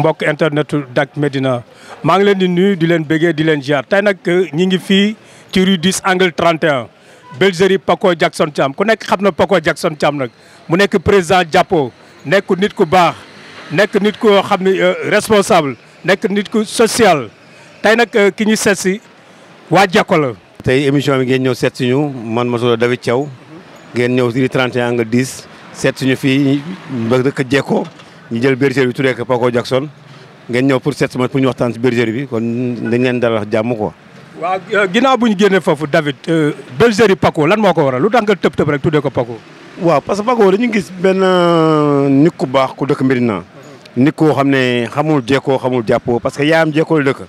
mbokk internet Dak Médina maa ngi leen di nuyu di leen bëggee di leen ziar tey nag euh, ñi ngi fii ci rue 10 angle 31 Belgerie Paco Jackson Thiam ku nekk xam na Paco Jackson Thiam nag mu nekk président jàppo nekk nit ku baax nekk nit koo xam ne euh, responsable nekk nit ku social tey nag euh, ki ñu seet si waa Jokko la. tey émission bi ngeen ñëw seet si ñu man Masolo David Thiaw ngeen ñëw rue 31 angle 10 seet si ñu fii ba dëkk Jekko ñu jël bergerie bi tuddee ko Paco Jackson ngeen ñëw pour sept semaines pour ñu waxtaan si bergerie bi kon dañ leen dalal jàmm quoi. waaw euh, ginnaaw bu ñu génnee foofu David euh, bergerie Paco lan moo ko waral lu tax nga tëb tëb rek tuddee ko Paco. waaw parce que Paco dañu gis benn euh, nit ku baax ku dëkk Medina nit koo xam ne xamul jekkoo xamul jàppoo parce que yaayam jekkoo la dëkk.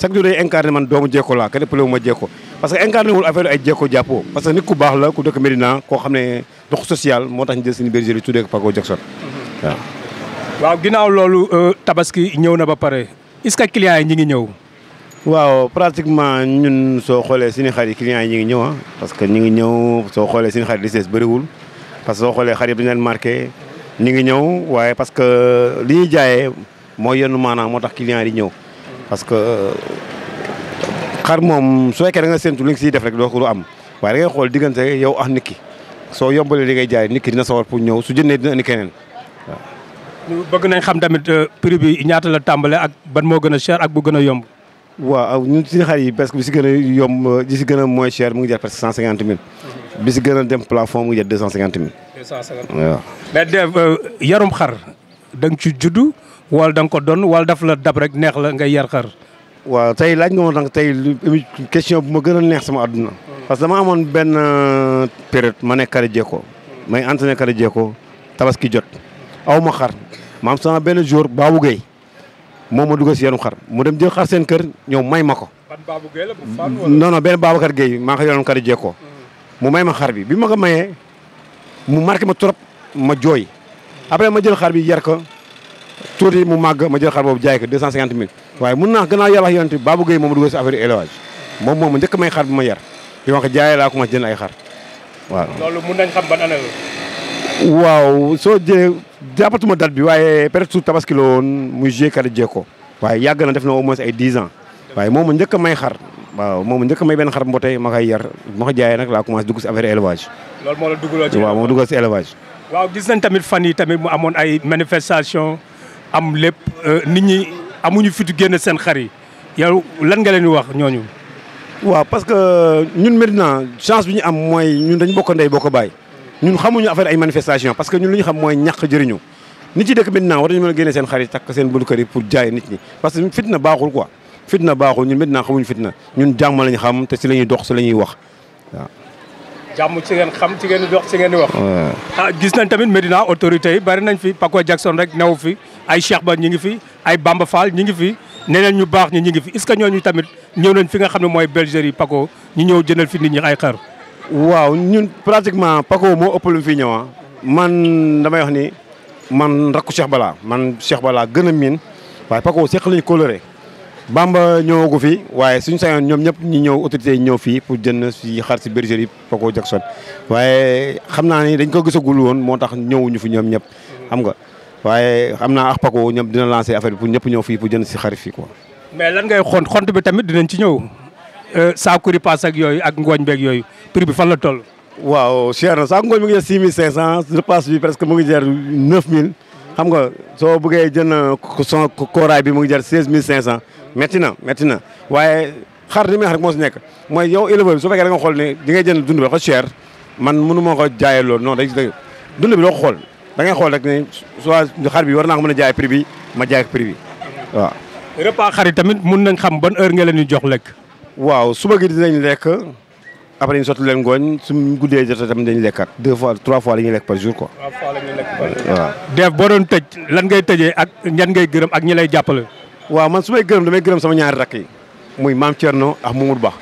chaque jour day incarné man doomu jekkoo laa kenn pëlewu ma parce que incarné wul waaw ginnaaw loolu euh, tabaski ñëw na ba pare est-ce que clients yi ñu ngi ñëw. waaw pratiquement ñun soo xoolee suñu xar yi clients yi ñu ngi ñëw ah parce que ñu ngi ñëw soo xoolee suñu xar yi li bëriwul parce que soo xoolee xar yi dañu leen marqué ngi ñëw waaye parce que li ñuy jaayee mooy yenn maanaam moo tax clients yi ñëw parce que euh, xar moom su fekkee da nga séntu li nga siy def rek doo ko am waaye da xool diggante yow ak nit ki soo yombalee li ngay jaay nikki dina sawar pour ñëw su jëndee dina indi keneen ñu bëgg nañ xam tamit euh, prix bi ñaata la tàmbale ak ban moo gën a cher ak bu gën a yomb. waaw ñun suñu xar yi parce que bi si gën a yomb euh, bi si gën a moins cher mu ngi jar presque cent cinquante mille. bi si gën a dem plafond mu ngi jar deux cent cinquante mille. deux cent cinquante euh, yarum xar danga nga ci juddu wal da nga ko doon wala daf la dab rek neex la ngay yar xar. waaw tey laaj nga ma nag tey question bu ma gën a neex sama àdduna. parce que ma amoon benn période ma nekk kari jeeko may entraîné kari jeeko tabaski jot aw maam sama benn jour Babou Gueye moom ma dugg si yenu xar mu dem jël xar seen kër ñoom may ma ko. ban Babou Gueye la bu fan wala non non benn Babacar Gueye maa ko mu may ma xar bi bi ma ko mayee mu marqué ma trop ma jooy après ma jël xar bi yar ko tuuti mu màgg ma jël xar boobu jaay ko deux cent cinquante mun naa gannaaw yàlla wax yonent Babou Gueye moom ma dugg si affaire élevage moom moom ma njëkk may xar bi ma yar bi ma ko jaayee laa commencé jënd ay xar mun nañ xam ban année la waaw soo jëlee jàppatuma dal bi waaye peut-être su tabaski la woon muy joué Kara Diécko waaye yàgg na def na au moins ay dix ans waaye moom njëkk a may xar waaw moom njëkk a may benn xar mboote ma koy yar ma ko jaayee nag laa commencé dugg si affaire élevage. loolu moo la duggaloo ci waaw moo duggal si élevage. waaw nañ tamit fan yi tamit mu amoon ay manifestation am lépp euh, nit ñi amuñu fitu génn seen xar yi yow lan nga leen di wax ñooñu. waaw parce que ñun Medina chance bi ñu am mooy ñun dañu bokk ndey bokk baay ñun xamuñu affaire ay manifestation parce que ñun li ñu xam mooy ñàkk jëriñu nit ci dëkk maintenant war nañu mën a génne seen xarit takk seen bëtu kër yi pour jaay nit ñi parce que fitna baaxul quoi fitna baaxul ñun maintenant xamuñu fitna ñun jàmm lañ xam te si la ñuy dox si la ñuy wax waaw ci ngeen xam ci ngeen dox wax ah gis nañ tamit Medina autorité yi bari nañ fi Paco Jackson rek new fi ay Cheikh Ba ñi ngi fi ay Bamba Fall ñi ngi fi neneen ñu baax ñi ñi ngi fi est-ce que ñooñu tamit ñëw nañ fi nga xam ne mooy bergerie Paco ñu ñëw jëndal fi nit ñi ay xar waaw ñun pratiquement Paco moo ëpp lu fi ñëw ah. man damay wax ni man rakku Cheikh Bala man Cheikh Bala gën a miin waaye Paco seq lañu coloré Bamba ñëwagu fi waaye suñu sañoon ñoom ñëpp ñu ñëw autorités yi fii pour jënd si xar si bergerie Paco Jackson waaye xam naa ni dañ ko gisagul woon moo tax ñëwuñu fi ñoom ñëpp xam nga waaye xam naa ak Paco ñoom dina lancé affaire bi pour ñëpp ñëw fii pour jënd si xarit fi ko mais lan ngay xont xont bi tamit dinañ ci ñëw. Euh, saakuri paas ak yooyu ak ngooñ beek yooyu prix bi fan la toll. waaw cher na saako ngooñ mu ngi jar six mille cinq cent repasse bi presque mu ngi jar neuf nga soo bëggee jënd son kooraay bi mu ngi jar seize mille cinq cent métti na métti na waaye xar li muy xar moo si nekk mooy yow éleveur bi su fekkee da nga xool ne di ngay jënd dund bi ko cher man mënu moo ko jaayee loolu non day dund bi doo xool da ngay xool rek ne soit xar bi war naa ko mën a jaay prix bi ma jaay prix bi waaw. repas xar yi tamit mun nañ xam ban heure nga leen di jox lekk. waaw su ma gi dinañ lekk après ñu sotti leen ngooñ suñ guddee jot tamit dañ lekkat deux fois trois fois la ñuy lekk par jour ko trois fois waaw def boo doon tëj lan ngay tëjee ak ñan ngay gërëm ak ñi lay jàppale. waaw man su may gërëm damay gërëm sama ñaari rakk yi muy maam Thierno ak Mamadou Ba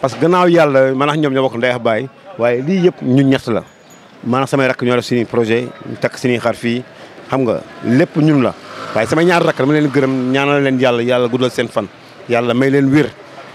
parce que gannaaw yàlla man ak ñoom ñoo bokk ndey ak baay waaye lii yëpp ñun ñett la maanaam samay rakk ñoo def projet ñu takk xar fii xam nga lépp ñun la waaye samay ñaari rakk dama leen gërëm ñaanal leen yàlla yàlla guddal seen fan yàlla may leen wiir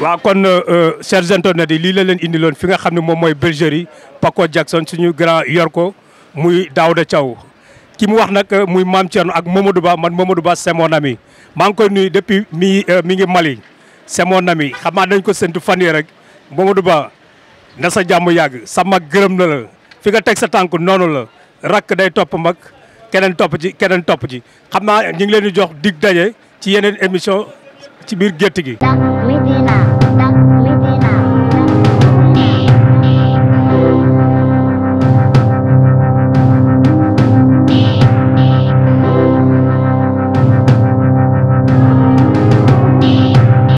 waaw kon euh, euh, chers internautes yi lii la leen indiloon fi nga xam ne moom mooy bergerie Paco Jackson suñu grand yor ko muy Daouda Thiaw ki mu wax nag euh, muy Mame Thierno ak Mamadou Ba man Mamadou Ba c'est maa ngi koy nuyu depuis mi mi ngi Mali c'est mon ami xam naa dañ ko séntu fan yii rek Mamadou Ba na sa jàmm yàgg sa mag gërëm na la fi nga teg sa tànk noonu la rakk day topp mag keneen topp ji keneen topp ji xam naa ñu ngi leen di jox dig daje ci yeneen émission ci biir gétt gi.